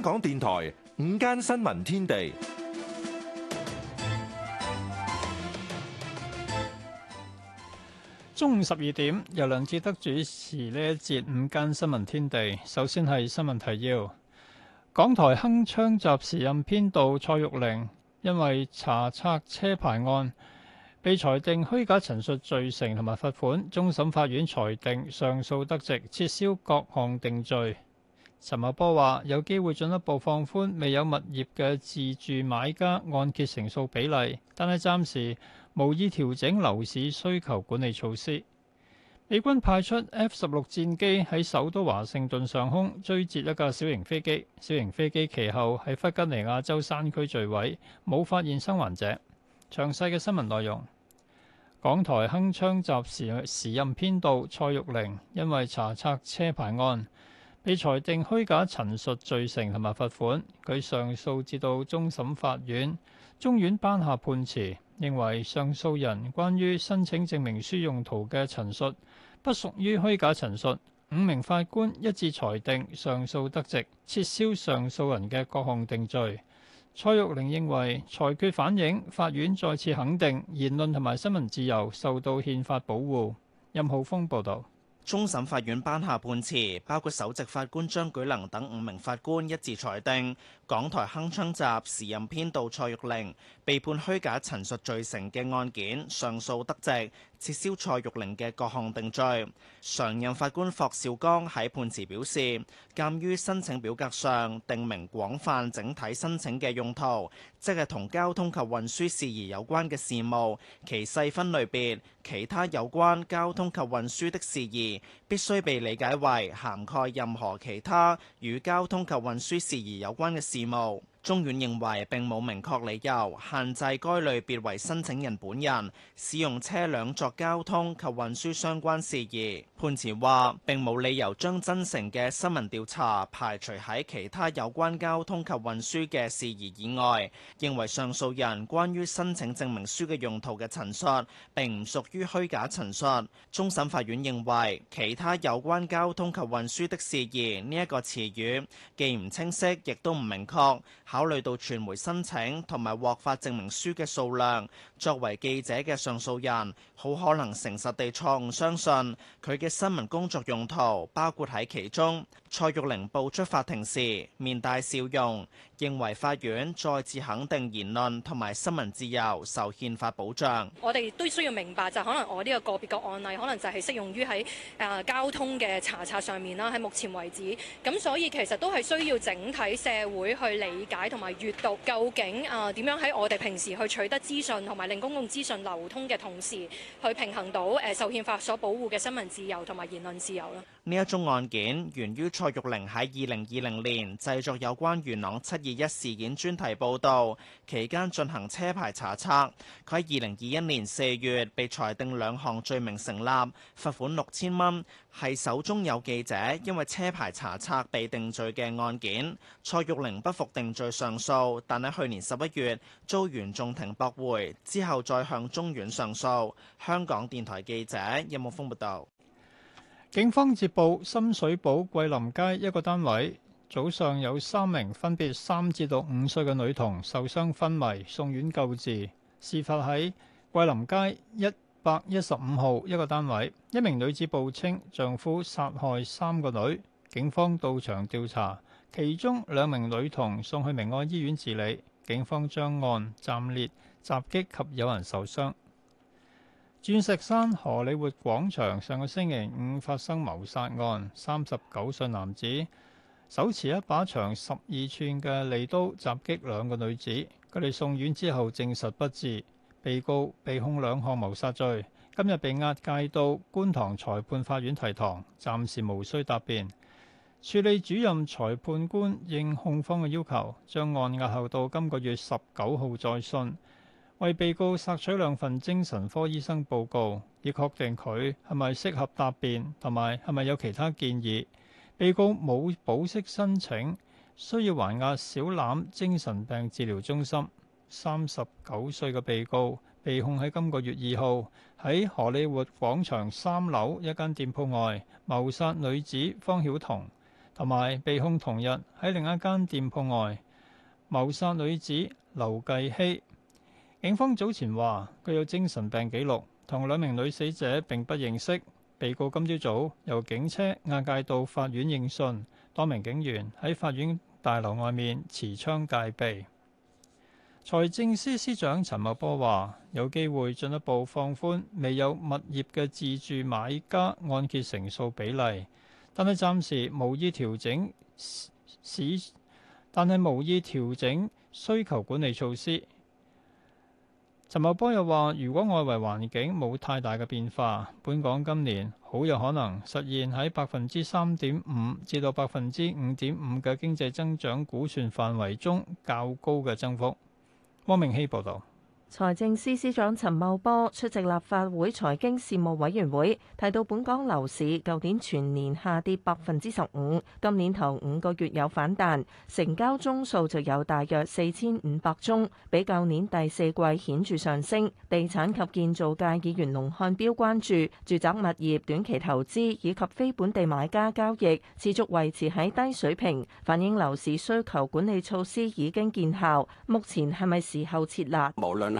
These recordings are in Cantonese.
香港電台午間新聞天地，中午十二點由梁志德主持呢一節午間新聞天地。首先係新聞提要：港台鏗鏘集時任編導蔡玉玲，因為查冊車牌案被裁定虛假陳述罪成，同埋罰款。終審法院裁定上訴得直，撤銷各項定罪。陳茂波話：有機會進一步放寬未有物業嘅自住買家按揭成數比例，但係暫時無意調整樓市需求管理措施。美軍派出 F 十六戰機喺首都華盛頓上空追截一架小型飛機，小型飛機其後喺弗吉尼亞州山區墜毀，冇發現生還者。詳細嘅新聞內容，港台鏗鏘集時時任編導蔡玉玲，因為查冊車牌案，被裁定虛假陳述罪，罪成同埋罰款，佢上訴至到終審法院，中院頒下判詞，認為上訴人關於申請證明書用途嘅陳述不屬於虛假陳述。五名法官一致裁定上訴得直，撤銷上訴人嘅各項定罪。蔡玉玲認為裁決反映法院再次肯定言論同埋新聞自由受到憲法保護，任浩峰報道。終審法院頒下判詞，包括首席法官張舉能等五名法官一致裁定，港台《鏗鏘集》時任編導蔡玉玲被判虛假陳述罪成嘅案件上訴得直。撤銷蔡玉玲嘅各項定罪。常任法官霍兆剛喺判詞表示，鑑於申請表格上定明廣泛整體申請嘅用途，即係同交通及運輸事宜有關嘅事務，其細分類別其他有關交通及運輸的事宜，必須被理解為涵蓋任何其他與交通及運輸事宜有關嘅事務。中院認為並冇明確理由限制該類別為申請人本人使用車輛作交通及運輸相關事宜。判詞話並冇理由將真誠嘅新聞調查排除喺其他有關交通及運輸嘅事宜以外，認為上訴人關於申請證明書嘅用途嘅陳述並唔屬於虛假陳述。終審法院認為其他有關交通及運輸的事宜呢一、這個詞語既唔清晰，亦都唔明確。考慮到傳媒申請同埋獲發證明書嘅數量。作為記者嘅上訴人，好可能誠實地錯誤相信佢嘅新聞工作用途包括喺其中。蔡玉玲步出法庭時面帶笑容，認為法院再次肯定言論同埋新聞自由受憲法保障。我哋都需要明白就可能我呢個個別嘅案例，可能就係適用於喺啊交通嘅查冊上面啦。喺目前為止，咁所以其實都係需要整體社會去理解同埋閱讀究竟啊點樣喺我哋平時去取得資訊同埋。令公共資訊流通嘅同時，去平衡到誒受憲法所保護嘅新聞自由同埋言論自由咯。呢一宗案件源於蔡玉玲喺二零二零年製作有關元朗七二一事件專題報導期間進行車牌查冊，佢喺二零二一年四月被裁定兩項罪名成立，罰款六千蚊。係首宗有記者，因為車牌查冊被定罪嘅案件，蔡玉玲不服定罪上訴，但喺去年十一月遭原訟庭駁回，之後再向中院上訴。香港電台記者任木峰報道：警方接報深水埗桂林街一個單位，早上有三名分別三至到五歲嘅女童受傷昏迷，送院救治。事發喺桂林街一百一十五號一個單位，一名女子報稱丈夫殺害三個女，警方到場調查，其中兩名女童送去明愛醫院治理，警方將案暫列襲擊及有人受傷。鑽石山荷里活廣場上個星期五發生謀殺案，三十九歲男子手持一把長十二寸嘅利刀襲擊兩個女子，佢哋送院之後證實不治。被告被控兩項謀殺罪，今日被押解到觀塘裁判法院提堂，暫時無需答辯。處理主任裁判官應控方嘅要求，將案押後到今個月十九號再訊，為被告索取兩份精神科醫生報告，以確定佢係咪適合答辯，同埋係咪有其他建議，被告冇保釋申請，需要還押小欖精神病治療中心。三十九歲嘅被告被控喺今個月二號喺荷里活廣場三樓一間店鋪外謀殺女子方曉彤，同埋被控同日喺另一間店鋪外謀殺女子劉繼希。警方早前話佢有精神病記錄，同兩名女死者並不認識。被告今朝早由警車押解到法院應訊，多名警員喺法院大樓外面持槍戒備。財政司司長陳茂波話：有機會進一步放寬未有物業嘅自住買家按揭成數比例，但係暫時無意調整市，但係無意調整需求管理措施。陳茂波又話：如果外圍環境冇太大嘅變化，本港今年好有可能實現喺百分之三點五至到百分之五點五嘅經濟增長估算範圍中較高嘅增幅。汪明希報道。財政司司長陳茂波出席立法會財經事務委員會，提到本港樓市舊年全年下跌百分之十五，今年頭五個月有反彈，成交宗數就有大約四千五百宗，比舊年第四季顯著上升。地產及建造界議員龍漢標關注住宅物業短期投資以及非本地買家交易持續維持喺低水平，反映樓市需求管理措施已經見效。目前係咪時候設立？無論。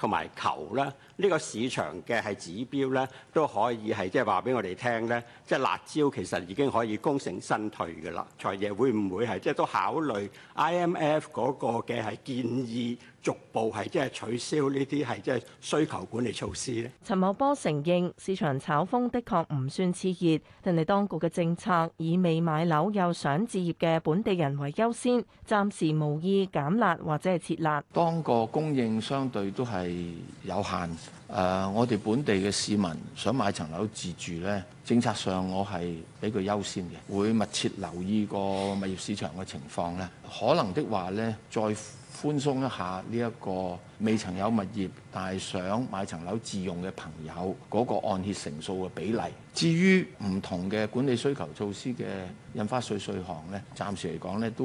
同埋球啦，呢個市場嘅係指標咧，都可以係即係話俾我哋聽咧，即係辣招其實已經可以功成身退嘅啦。財爺會唔會係即係都考慮 IMF 嗰個嘅係建議逐步係即係取消呢啲係即係需求管理措施咧？陳茂波承認市場炒風的確唔算熾熱，但係當局嘅政策以未買樓又想置業嘅本地人為優先，暫時無意減辣或者係撤辣。當個供應相對都係。係有限，誒、呃，我哋本地嘅市民想買層樓自住呢，政策上我係比佢優先嘅，會密切留意個物業市場嘅情況呢。可能的話呢，再寬鬆一下呢一個未曾有物業，但係想買層樓自用嘅朋友嗰個按揭成數嘅比例。至於唔同嘅管理需求措施嘅印花稅稅項呢，暫時嚟講呢都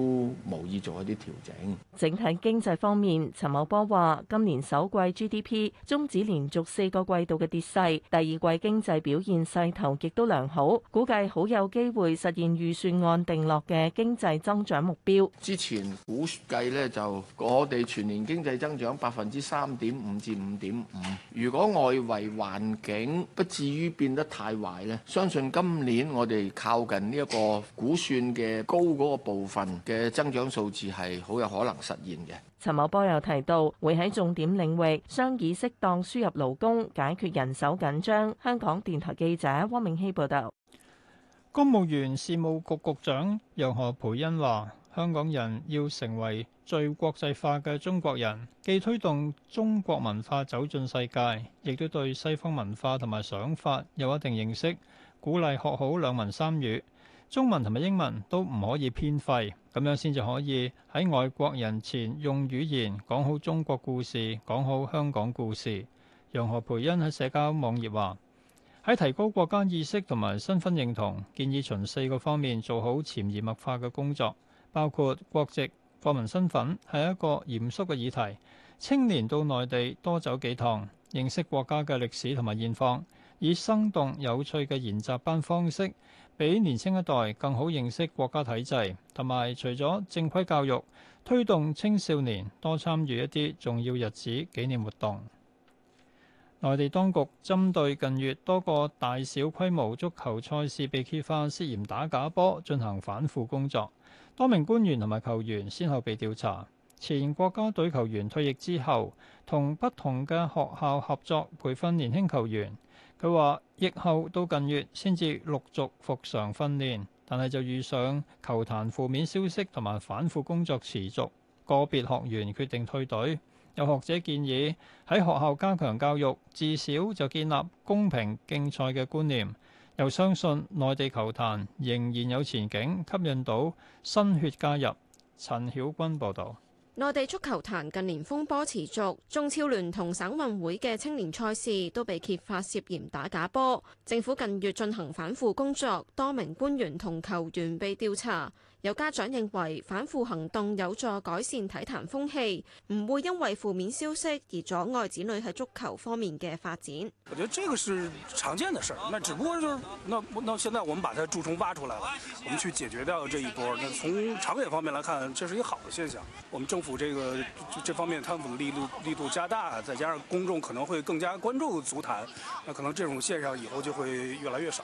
無意做一啲調整。整體經濟方面，陳茂波話：今年首季 GDP 終止連續四個季度嘅跌勢，第二季經濟表現勢頭亦都良好，估計好有機會實現預算案定落嘅經濟增長目標。之前估計呢就我哋全年經濟增長百分之三點五至五點五，嗯、如果外圍環境不至於變得太壞。相信今年我哋靠近呢一個估算嘅高嗰個部分嘅增長數字係好有可能實現嘅。陳茂波又提到，會喺重點領域，商議適當輸入勞工，解決人手緊張。香港電台記者汪明希報道。公務員事務局局長楊何蓓茵話：香港人要成為最國際化嘅中國人，既推動中國文化走進世界，亦都對西方文化同埋想法有一定認識。鼓勵學好兩文三語，中文同埋英文都唔可以偏廢，咁樣先至可以喺外國人前用語言講好中國故事，講好香港故事。楊何蓓茵喺社交網頁話：喺提高國家意識同埋身份認同，建議從四個方面做好潛移默化嘅工作，包括國籍。國民身份係一個嚴肅嘅議題。青年到內地多走幾趟，認識國家嘅歷史同埋現況，以生動有趣嘅研習班方式，俾年輕一代更好認識國家體制，同埋除咗正規教育，推動青少年多參與一啲重要日子紀念活動。內地當局針對近月多個大小規模足球賽事被揭發涉嫌打假波，進行反腐工作。多名官員同埋球員先後被調查。前國家隊球員退役之後，同不同嘅學校合作培訓年輕球員。佢話：疫後到近月先至陸續復常訓練，但係就遇上球壇負面消息同埋反腐工作持續。個別學員決定退隊。有學者建議喺學校加強教育，自小就建立公平競賽嘅觀念。又相信內地球壇仍然有前景，吸引到新血加入。陳曉君報導。內地足球壇近年風波持續，中超聯同省運會嘅青年賽事都被揭發涉嫌打假波。政府近月進行反腐工作，多名官員同球員被調查。有家長認為反腐行動有助改善體壇風氣，唔會因為負面消息而阻礙子女喺足球方面嘅發展。我覺得這個是常見的事，那只不過就，那那現在我們把它蛀蟲挖出來了，我們去解決掉這一波。那從長遠方面來看，這是一個好的現象。我們政腐這個這方面貪腐的力度力度加大，再加上公眾可能會更加關注足壇，那可能這種現象以後就會越來越少。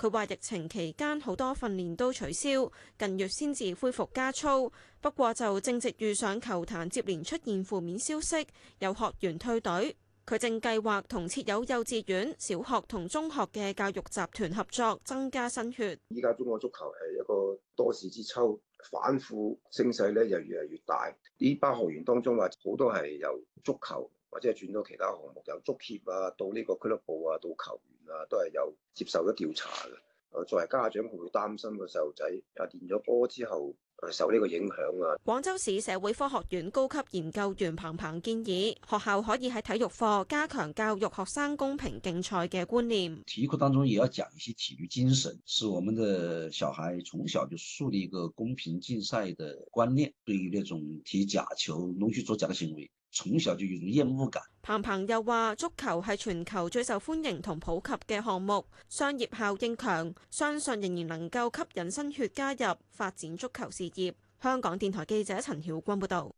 佢話疫情期間好多訓練都取消，近月先至恢復加操。不過就正值遇上球壇接連出現負面消息，有學員退隊。佢正計劃同設有幼稚園、小學同中學嘅教育集團合作，增加新血。依家中國足球係一個多事之秋，反腐聲勢咧就越嚟越大。呢班學員當中話好多係由足球。或者轉到其他項目，由足協啊，到呢個俱樂部啊，到球員啊，都係有接受咗調查嘅。作為家長，會擔心個細路仔啊，練咗波之後受呢個影響啊。廣州市社會科學院高級研究員彭澎建議，學校可以喺體育課加強教育學生公平競賽嘅觀念。體育課當中也要講一些體育精神，是我們的小孩從小就樹立一個公平競賽嘅觀念。對於呢種踢假球、弄虛作假嘅行為。從小就用種厭惡感。彭彭又話：足球係全球最受歡迎同普及嘅項目，商業效應強，相信仍然能夠吸引新血加入發展足球事業。香港電台記者陳曉君報道。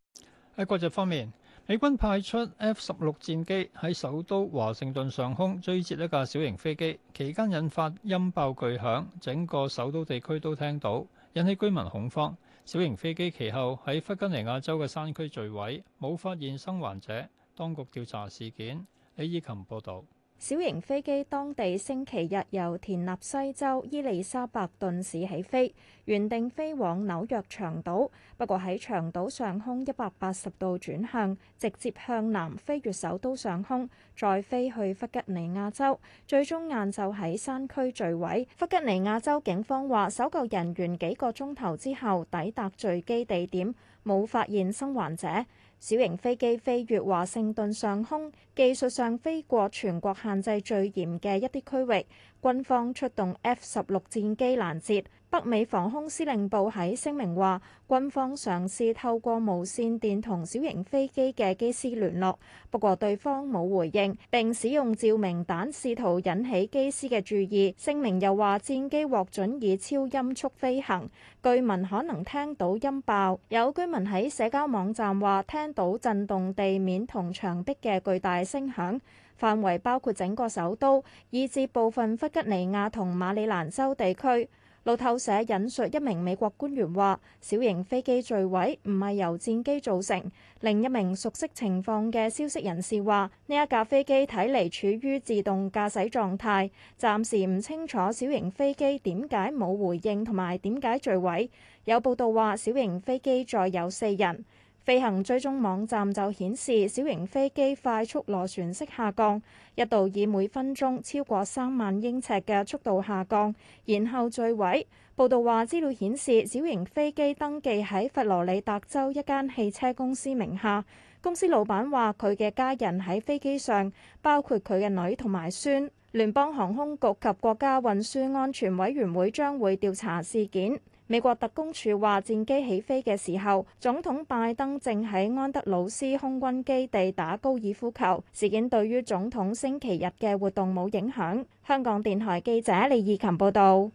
喺國際方面，美軍派出 F 十六戰機喺首都華盛頓上空追截一架小型飛機，期間引發音爆巨響，整個首都地區都聽到，引起居民恐慌。小型飛機其後喺弗吉尼亞州嘅山區墜毀，冇發現生還者。當局調查事件。李依琴報道。小型飛機當地星期日由田納西州伊利莎白頓市起飛，原定飛往紐約長島，不過喺長島上空一百八十度轉向，直接向南飛越首都上空，再飛去弗吉尼亞州，最終晏晝喺山區墜毀。弗吉尼亞州警方話，搜救人員幾個鐘頭之後抵達墜機地點，冇發現生還者。小型飛機飛越華盛頓上空，技術上飛過全國限制最嚴嘅一啲區域，軍方出動 F 十六戰機攔截。北美防空司令部喺聲明話，軍方嘗試透過無綫電同小型飛機嘅機師聯絡，不過對方冇回應，並使用照明彈試圖引起機師嘅注意。聲明又話，戰機獲准以超音速飛行，居民可能聽到音爆。有居民喺社交網站話聽到震動地面同牆壁嘅巨大聲響，範圍包括整個首都，以至部分弗吉尼亞同馬里蘭州地區。路透社引述一名美國官員話，小型飛機墜毀唔係由戰機造成。另一名熟悉情況嘅消息人士話，呢一架飛機睇嚟處於自動駕駛狀態，暫時唔清楚小型飛機點解冇回應同埋點解墜毀，有報道話小型飛機載有四人。飛行追蹤網站就顯示小型飛機快速螺旋式下降，一度以每分鐘超過三萬英尺嘅速度下降，然後墜毀。報道話資料顯示小型飛機登記喺佛羅里達州一間汽車公司名下，公司老闆話佢嘅家人喺飛機上，包括佢嘅女同埋孫。聯邦航空局及國家運輸安全委員會將會調查事件。美國特工處話，戰機起飛嘅時候，總統拜登正喺安德魯斯空軍基地打高爾夫球。事件對於總統星期日嘅活動冇影響。香港電台記者李義琴報道。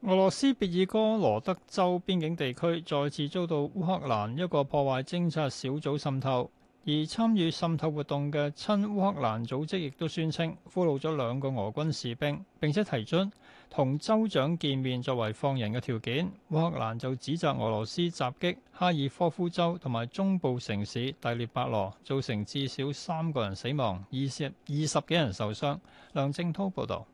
俄羅斯別爾哥羅德州邊境地區再次遭到烏克蘭一個破壞偵察小組滲透。而參與滲透活動嘅親烏克蘭組織亦都宣稱俘虜咗兩個俄軍士兵，並且提出同州長見面作為放人嘅條件。烏克蘭就指責俄羅斯襲擊哈爾科夫州同埋中部城市大列巴羅，造成至少三個人死亡，二十二十幾人受傷。梁正滔報導。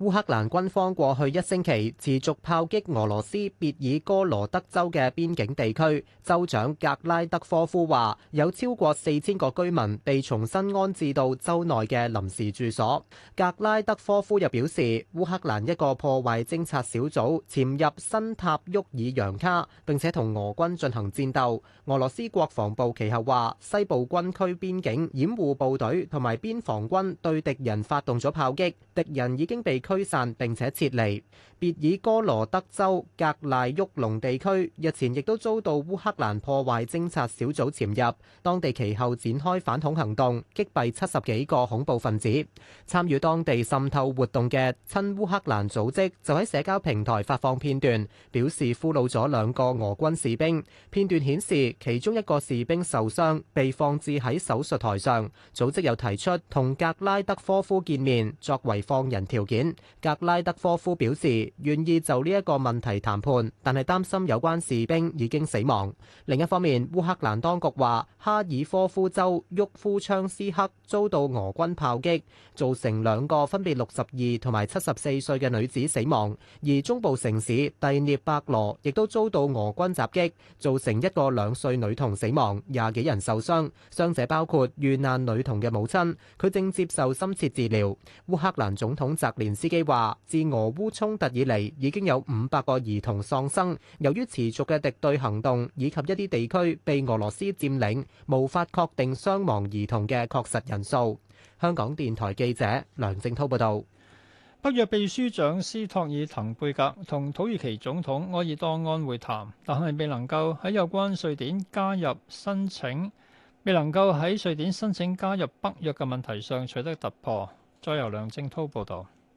烏克蘭軍方過去一星期持續炮擊俄羅斯別爾哥羅德州嘅邊境地區，州長格拉德科夫話有超過四千個居民被重新安置到州內嘅臨時住所。格拉德科夫又表示，烏克蘭一個破壞偵察小組潛入新塔沃爾揚卡，並且同俄軍進行戰鬥。俄羅斯國防部其後話，西部軍區邊境掩護部隊同埋邊防軍對敵人發動咗炮擊，敵人已經被驅散並且撤離。別爾哥羅德州格賴沃隆地區日前亦都遭到烏克蘭破壞偵察小組潛入，當地其後展開反恐行動，擊斃七十幾個恐怖分子。參與當地滲透活動嘅親烏克蘭組織就喺社交平台發放片段，表示俘虜咗兩個俄軍士兵。片段顯示其中一個士兵受傷，被放置喺手術台上。組織又提出同格拉德科夫見面作為放人條件。格拉德科夫表示願意就呢一個問題談判，但係擔心有關士兵已經死亡。另一方面，烏克蘭當局話哈爾科夫州沃夫昌斯克遭到俄軍炮擊，造成兩個分別六十二同埋七十四歲嘅女子死亡。而中部城市蒂涅伯羅亦都遭到俄軍襲擊，造成一個兩歲女童死亡，廿幾人受傷，傷者包括遇難女童嘅母親，佢正接受深切治療。烏克蘭總統澤連斯基。司機話：自俄烏衝突以嚟，已經有五百個兒童喪生。由於持續嘅敵對行動以及一啲地區被俄羅斯佔領，無法確定傷亡兒童嘅確實人數。香港電台記者梁正滔報道。北約秘書長斯托爾滕貝格同土耳其總統埃爾多安會談，但係未能夠喺有關瑞典加入申請，未能夠喺瑞典申請加入北約嘅問題上取得突破。再由梁正滔報道。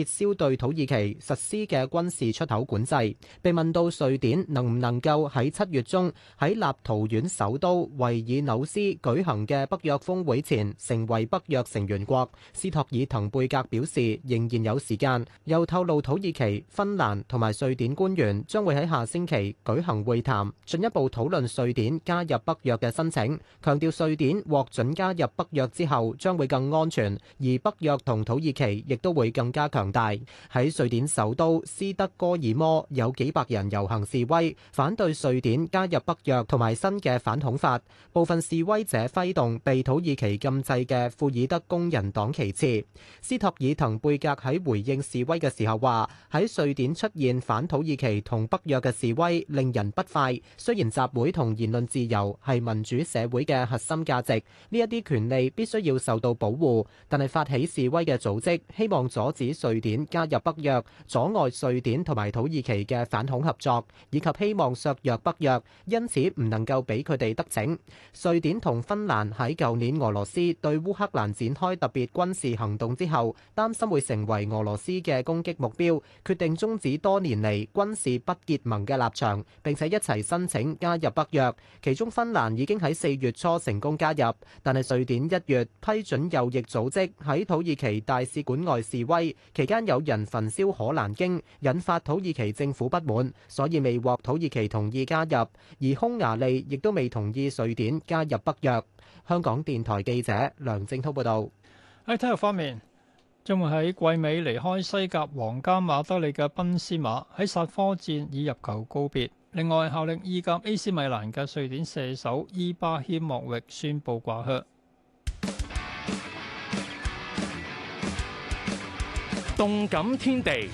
撤銷對土耳其實施嘅軍事出口管制。被問到瑞典能唔能夠喺七月中喺立陶宛首都維爾紐斯舉行嘅北約峰會前成為北約成員國，斯托爾滕貝格表示仍然有時間。又透露土耳其、芬蘭同埋瑞典官員將會喺下星期舉行會談，進一步討論瑞典加入北約嘅申請。強調瑞典獲准加入北約之後將會更安全，而北約同土耳其亦都會更加強。大喺瑞典首都斯德哥爾摩有幾百人遊行示威，反對瑞典加入北約同埋新嘅反恐法。部分示威者揮動被土耳其禁制嘅庫爾德工人黨旗幟。斯托爾滕貝格喺回應示威嘅時候話：喺瑞典出現反土耳其同北約嘅示威令人不快。雖然集會同言論自由係民主社會嘅核心價值，呢一啲權利必須要受到保護，但係發起示威嘅組織希望阻止瑞，加入北約，阻礙瑞典同埋土耳其嘅反恐合作，以及希望削弱北約，因此唔能夠俾佢哋得逞。瑞典同芬蘭喺舊年俄羅斯對烏克蘭展開特別軍事行動之後，擔心會成為俄羅斯嘅攻擊目標，決定終止多年嚟軍事不結盟嘅立場，並且一齊申請加入北約。其中芬蘭已經喺四月初成功加入，但係瑞典一月批准右翼組織喺土耳其大使館外示威，其間有人焚燒可蘭經，引發土耳其政府不滿，所以未獲土耳其同意加入；而匈牙利亦都未同意瑞典加入北約。香港電台記者梁正滔報導。喺體育方面，將會喺季尾離開西甲皇家馬德里嘅賓斯馬喺薩科戰以入球告別。另外，效力意甲 AC 米蘭嘅瑞典射手伊巴希莫域宣布掛靴。動感天地，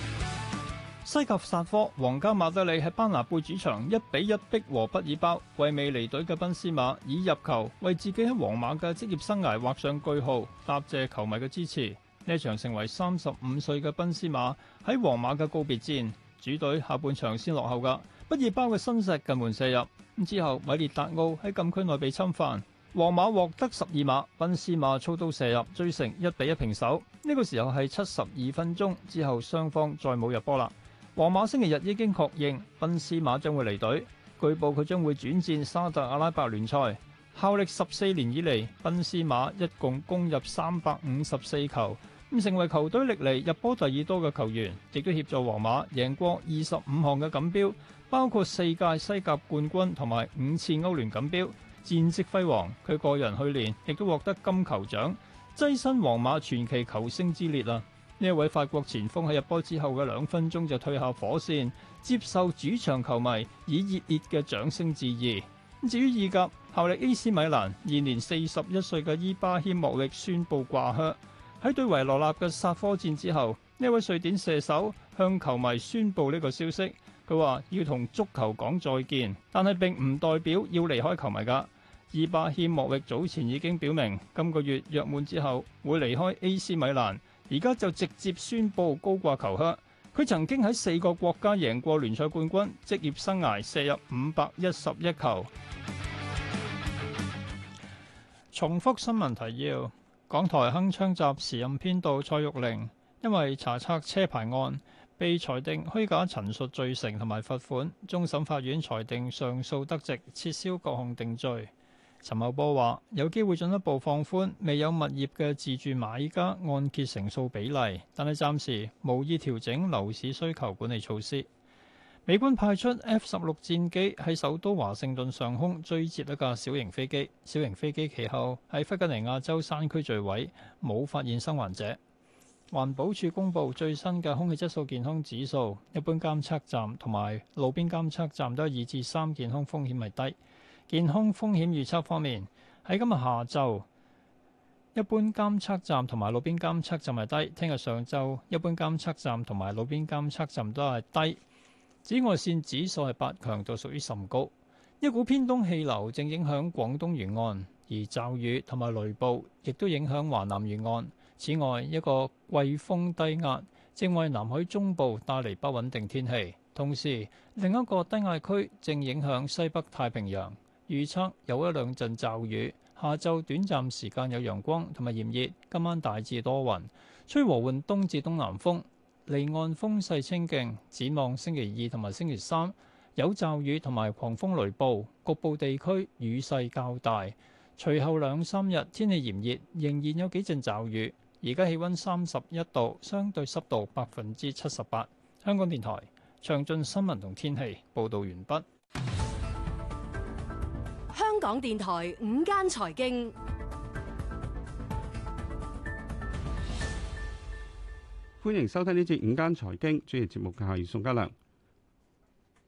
西甲煞科，皇家馬德里喺班拿貝主場一比一逼和畢爾包。季尾離隊嘅賓斯馬以入球為自己喺皇馬嘅職業生涯畫上句號，答謝球迷嘅支持。呢場成為三十五歲嘅賓斯馬喺皇馬嘅告別戰。主隊下半場先落後噶，畢爾包嘅新石近門射入之後，米列達奧喺禁區內被侵犯。皇馬獲得十二碼，賓斯馬操刀射入，追成一比一平手。呢個時候係七十二分鐘之後，雙方再冇入波啦。皇馬星期日已經確認賓斯馬將會離隊，據報佢將會轉戰沙特阿拉伯聯賽。效力十四年以嚟，賓斯馬一共攻入三百五十四球，咁成為球隊歷嚟入波第二多嘅球員，亦都協助皇馬贏過二十五項嘅錦標，包括四屆西甲冠軍同埋五次歐聯錦標。戰績輝煌，佢個人去年亦都獲得金球獎，躋身皇馬傳奇球星之列啊。呢位法國前鋒喺入波之後嘅兩分鐘就退下火線，接受主場球迷以熱烈嘅掌聲致意。至於意甲，效力 AC 米蘭現年四十一歲嘅伊巴謙莫力宣布掛靴。喺對維羅納嘅煞科戰之後，呢位瑞典射手，向球迷宣布呢個消息。佢話要同足球講再見，但係並唔代表要離開球迷噶。二巴謙莫域早前已經表明，今個月約滿之後會離開 AC 米蘭，而家就直接宣布高掛球靴。佢曾經喺四個國家贏過聯賽冠軍，職業生涯射入五百一十一球。 重複新聞提要：港台《鏗鏘集》時任編導蔡玉玲，因為查冊車牌案被裁定虛假陳述罪，罪成同埋罰款，終審法院裁定上訴得直，撤銷各項定罪。陳茂波話：有機會進一步放寬未有物業嘅自住買家按揭成數比例，但係暫時無意調整樓市需求管理措施。美軍派出 F 十六戰機喺首都華盛頓上空追截一架小型飛機，小型飛機其後喺弗吉尼亞州山區墜毀，冇發現生還者。環保署公布最新嘅空氣質素健康指數，一般監測站同埋路邊監測站都二至三，健康風險係低。健康風險預測方面，喺今日下晝，一般監測站同埋路邊監測站係低。聽日上晝，一般監測站同埋路邊監測站都係低。紫外線指數係八強度，屬於甚高。一股偏東氣流正影響廣東沿岸，而驟雨同埋雷暴亦都影響華南沿岸。此外，一個季風低壓正為南海中部帶嚟不穩定天氣，同時另一個低壓區正影響西北太平洋。預測有一兩陣驟雨，下晝短暫時間有陽光同埋炎熱，今晚大致多雲，吹和緩東至東南風，離岸風勢清勁。展望星期二同埋星期三有驟雨同埋狂風雷暴，局部地區雨勢較大。隨後兩三日天氣炎熱，仍然有幾陣驟雨。而家氣温三十一度，相對濕度百分之七十八。香港電台詳盡新聞同天氣報道完畢。香港電台午間財經，歡迎收聽呢節午間財經。主持節目嘅係宋嘉良。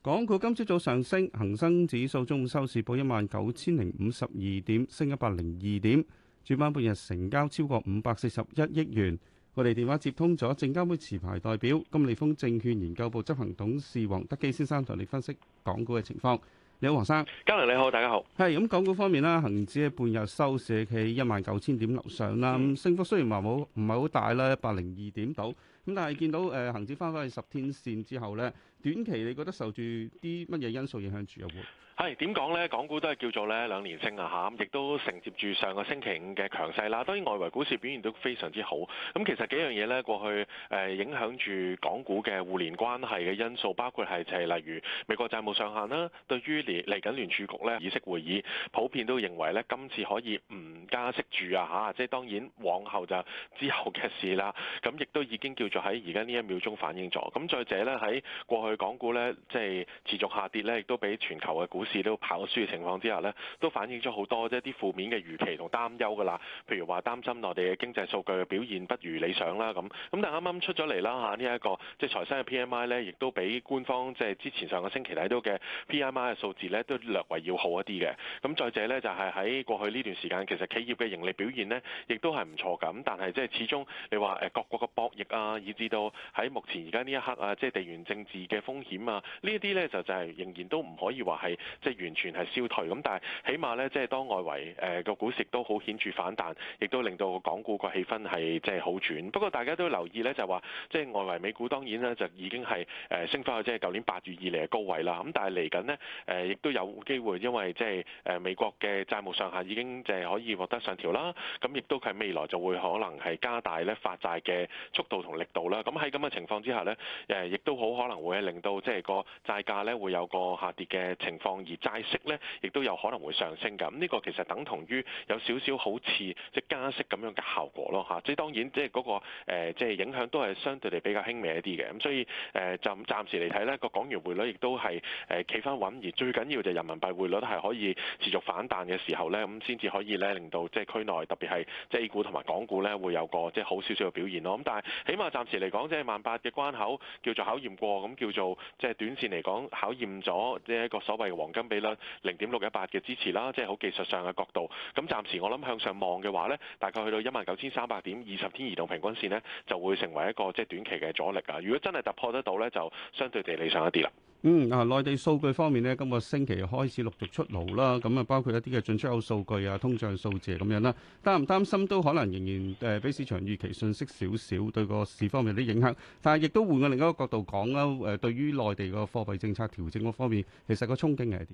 港股今朝早上升，恒生指數中午收市報一萬九千零五十二點，升一百零二點。主板半日成交超過五百四十一億元。我哋電話接通咗證監會持牌代表金利豐證券研究部執行董事黃德基先生同你分析港股嘅情況。你好，黃生，嘉良，你好，大家好。係咁，港股方面啦，恒指咧半日收市企一萬九千點樓上啦。咁、嗯、升幅雖然話冇唔係好大啦，一百零二點度。咁但係見到誒、呃，恒指翻翻去十天線之後咧，短期你覺得受住啲乜嘢因素影響住啊？有冇？係點講呢？港股都係叫做呢兩年升啊嚇，亦都承接住上個星期五嘅強勢啦。當然外圍股市表現都非常之好。咁其實幾樣嘢呢，過去誒影響住港股嘅互聯關係嘅因素，包括係就係例如美國債務上限啦。對於嚟緊聯儲局呢議息會議，普遍都認為呢今次可以唔加息住啊嚇。即係當然往後就之後嘅事啦。咁亦都已經叫做喺而家呢一秒鐘反映咗。咁再者呢，喺過去港股呢，即係持續下跌呢，亦都俾全球嘅股，試都跑輸嘅情況之下呢，都反映咗好多即係啲負面嘅預期同擔憂噶啦。譬如話擔心內地嘅經濟數據嘅表現不如理想啦。咁咁但係啱啱出咗嚟啦嚇，呢一個即係財新嘅 P M I 呢，亦都比官方即係之前上個星期睇到嘅 P M I 嘅數字呢，都略為要好一啲嘅。咁再者呢，就係喺過去呢段時間，其實企業嘅盈利表現呢，亦都係唔錯㗎。咁但係即係始終你話誒各國嘅博弈啊，以至到喺目前而家呢一刻啊，即係地緣政治嘅風險啊，呢一啲呢，就就係仍然都唔可以話係，即係完全係消退咁，但係起碼咧，即係當外圍誒個股市都好顯著反彈，亦都令到港股個氣氛係即係好轉。不過大家都留意咧，就話即係外圍美股當然咧就已經係誒升翻去即係舊年八月以嚟嘅高位啦。咁但係嚟緊咧誒亦都有機會，因為即係誒美國嘅債務上限已經即係可以獲得上調啦。咁亦都係未來就會可能係加大咧發債嘅速度同力度啦。咁喺咁嘅情況之下咧，誒亦都好可能會令到即係個債價咧會有個下跌嘅情況。而債息咧，亦都有可能會上升㗎。咁、這、呢個其實等同於有少少好似即係加息咁樣嘅效果咯，嚇。即係當然，即係嗰個即係、呃即係、影響都係相對嚟比較輕微一啲嘅。咁所以誒，就、呃、暫時嚟睇咧，個港元匯率亦都係誒企翻穩，而最緊要就係人民幣匯率係可以持續反彈嘅時候咧，咁先至可以咧令到即係區內特別係即係 A 股同埋港股咧會有個即係好少少嘅表現咯。咁但係起碼暫時嚟講，即係萬八嘅關口叫做考驗過，咁叫做即係短線嚟講考驗咗即係一個所謂嘅黃金比率零點六一八嘅支持啦，即係好技術上嘅角度。咁暫時我諗向上望嘅話呢，大概去到一萬九千三百點，二十天移動平均線呢就會成為一個即係、就是、短期嘅阻力啊。如果真係突破得到呢，就相對地理想一啲啦。嗯，啊，內地數據方面呢，今個星期開始陸續出爐啦。咁啊，包括一啲嘅進出口數據啊、通脹數字咁樣啦。擔唔擔心都可能仍然誒，俾市場預期信息少少，對個市方面啲影響。但係亦都換個另一個角度講啦，誒，對於內地個貨幣政策調整嗰方面，其實個衝擊係點？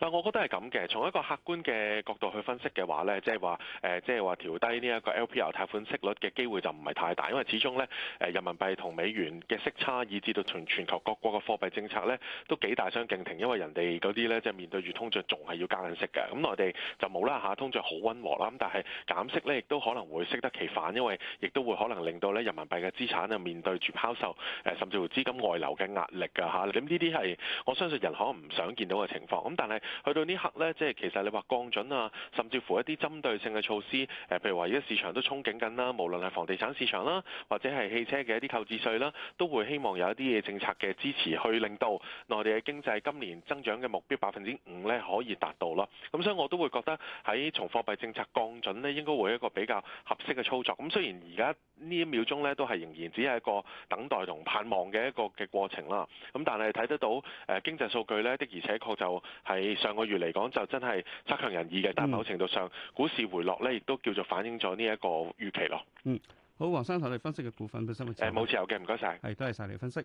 嗱，我覺得係咁嘅，從一個客觀嘅角度去分析嘅話呢，即係話誒，即係話調低呢一個 LPR 貸款息率嘅機會就唔係太大，因為始終呢誒，人民幣同美元嘅息差，以至到全全球各國嘅貨幣政策呢。都幾大相徑庭，因為人哋嗰啲咧，即係面對住通脹，仲係要加緊息嘅，咁內地就冇啦嚇，通脹好溫和啦，咁但係減息咧，亦都可能會適得其反，因為亦都會可能令到咧人民幣嘅資產啊面對住拋售，誒甚至乎資金外流嘅壓力㗎吓，咁呢啲係我相信人可能唔想見到嘅情況。咁但係去到呢刻咧，即係其實你話降準啊，甚至乎一啲針對性嘅措施，誒譬如話而家市場都憧憬緊啦，無論係房地產市場啦，或者係汽車嘅一啲購置稅啦，都會希望有一啲嘅政策嘅支持去令到。內地嘅經濟今年增長嘅目標百分之五呢可以達到咯，咁所以我都會覺得喺從貨幣政策降準呢，應該會一個比較合適嘅操作。咁雖然而家呢一秒鐘呢都係仍然只係一個等待同盼望嘅一個嘅過程啦。咁但係睇得到誒經濟數據呢，的而且確就喺上個月嚟講就真係差強人意嘅，但某程度上股市回落呢亦都叫做反映咗呢一個預期咯。嗯。好，黃生同你分析嘅股份不，不冇錯有嘅，唔該晒。係多謝晒你分析。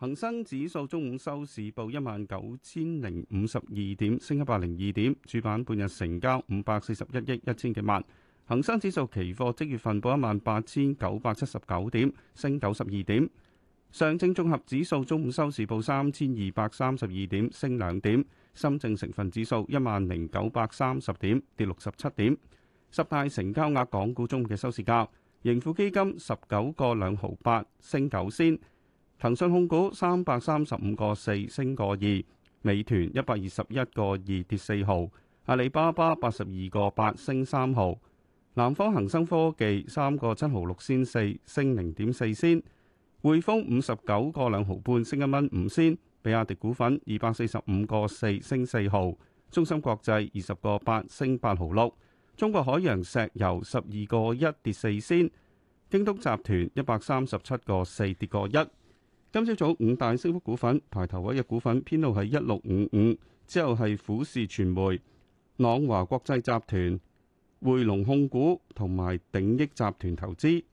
恒生指數中午收市報一萬九千零五十二點，升一百零二點，主板半日成交五百四十一億一千幾萬。恒生指數期貨即月份報一萬八千九百七十九點，升九十二點。上證綜合指數中午收市報三千二百三十二點，升兩點。深證成分指數一萬零九百三十點，跌六十七點。十大成交額港股中午嘅收市價，盈富基金十九個兩毫八，升九仙。騰訊控股三百三十五個四升個二，美團一百二十一個二跌四毫，阿里巴巴八十二個八升三毫，南方恒生科技三個七毫六仙四升零點四仙，匯豐五十九個兩毫半升一蚊五仙，比亞迪股份二百四十五個四升四毫，中芯國際二十個八升八毫六，中國海洋石油十二個一跌四仙，京東集團一百三十七個四跌個一。今朝早五大升幅股份，排頭位嘅股份編號係一六五五，之後係虎視傳媒、朗華國際集團、匯龍控股同埋鼎益集團投資。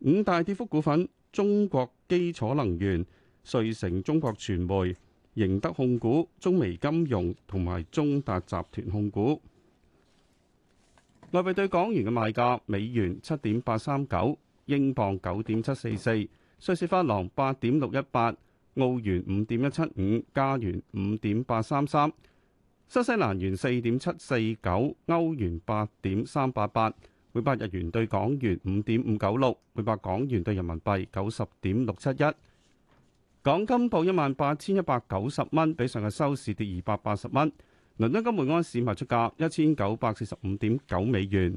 五大跌幅股份：中國基礎能源、瑞成中國傳媒、盈德控股、中微金融同埋中達集團控股。外幣對港元嘅賣價：美元七點八三九，英鎊九點七四四。瑞士法郎八點六一八，澳元五點一七五，加元五點八三三，新西蘭元四點七四九，歐元八點三八八，每百日元對港元五點五九六，每百港元對人民幣九十點六七一。港金報一萬八千一百九十蚊，比上日收市跌二百八十蚊。倫敦金每安士賣出價一千九百四十五點九美元。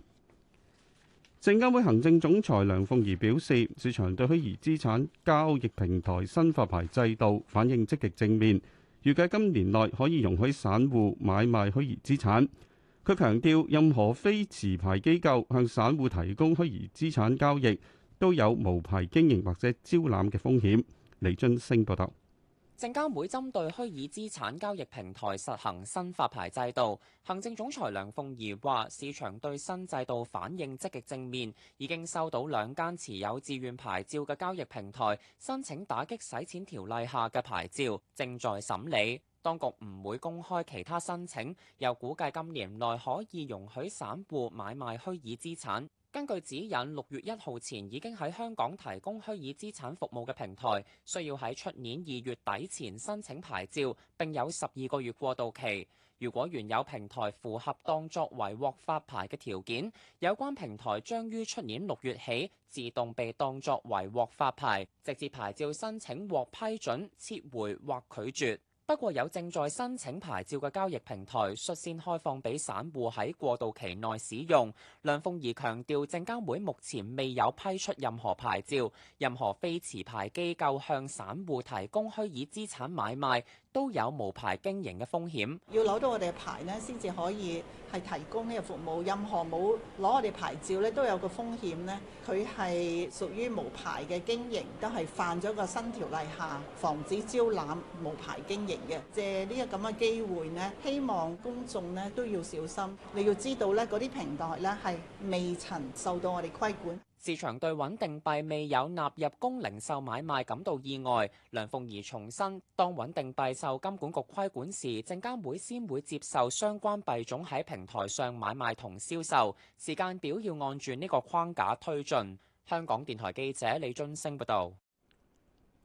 證監會行政總裁梁鳳儀表示，市場對虛擬資產交易平台新發牌制度反應積極正面，預計今年內可以容許散戶買賣虛擬資產。佢強調，任何非持牌機構向散戶提供虛擬資產交易都有無牌經營或者招攬嘅風險。李俊升報道。證監會針對虛擬資產交易平台實行新發牌制度，行政總裁梁鳳儀話，市場對新制度反應積極正面，已經收到兩間持有自願牌照嘅交易平台申請，打擊洗錢條例下嘅牌照正在審理。當局唔會公開其他申請，又估計今年內可以容許散戶買賣虛擬資產。根據指引，六月一號前已經喺香港提供虛擬資產服務嘅平台，需要喺出年二月底前申請牌照，並有十二個月過渡期。如果原有平台符合當作為獲發牌嘅條件，有關平台將於出年六月起自動被當作為獲發牌，直至牌照申請獲批准、撤回或拒絕。不過有正在申請牌照嘅交易平台率先開放俾散戶喺過渡期內使用。梁鳳儀強調，證監會目前未有批出任何牌照，任何非持牌機構向散戶提供虛擬資產買賣。都有無牌經營嘅風險，要攞到我哋嘅牌呢，先至可以係提供呢個服務。任何冇攞我哋牌照呢，都有個風險呢。佢係屬於無牌嘅經營，都係犯咗個新條例下防止招攬無牌經營嘅。借呢個咁嘅機會呢，希望公眾呢都要小心。你要知道呢嗰啲平台呢，係未曾受到我哋規管。市場對穩定幣未有納入供零售買賣感到意外。梁鳳儀重申，當穩定幣受金管局規管時，證監會先會接受相關幣種喺平台上買賣同銷售。時間表要按住呢個框架推進。香港電台記者李津升報道。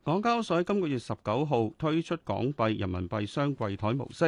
港交所喺今個月十九號推出港幣、人民幣雙櫃台模式。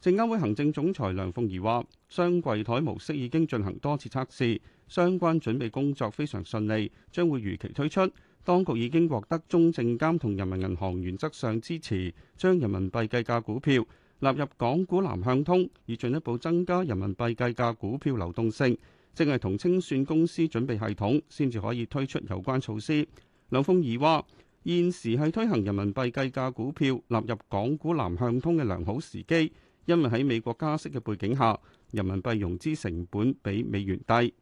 證監會行政總裁梁鳳儀話：雙櫃台模式已經進行多次測試。相關準備工作非常順利，將會如期推出。當局已經獲得中證監同人民銀行原則上支持，將人民幣計價股票納入港股南向通，以進一步增加人民幣計價股票流動性。正係同清算公司準備系統，先至可以推出有關措施。劉鳳儀話：現時係推行人民幣計價股票納入港股南向通嘅良好時機，因為喺美國加息嘅背景下，人民幣融資成本比美元低。